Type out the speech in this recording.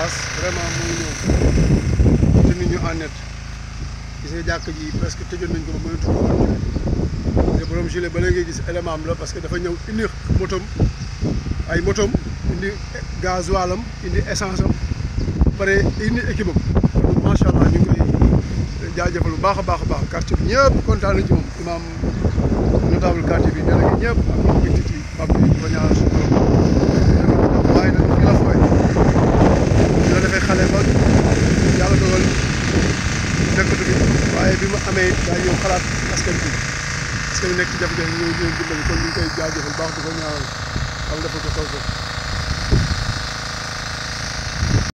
Fass vraiment mooy ñëw te nit ñu en net gis nga jàkk ji presque tëjoon nañ ko ba mënatu ko woon te borom gilet ba léegi gis élément am la parce que dafa ñëw indi motom ay motom indi gasoil am indi essence am pare indi équipe am macha allah ñu ngi koy jaajëfal bu baax a baax a baax quartier bi ñëpp kontaan nañ ci moom notable quartier bi délégué ñëpp waaye bi mu amee daal yow xalaat askan bi askan bi nekk ci jafe-jafe ñëw ñëw dimbali kon ñu ngi koy jaajëfal baax di ko ñaanal yàlla dafa ko taw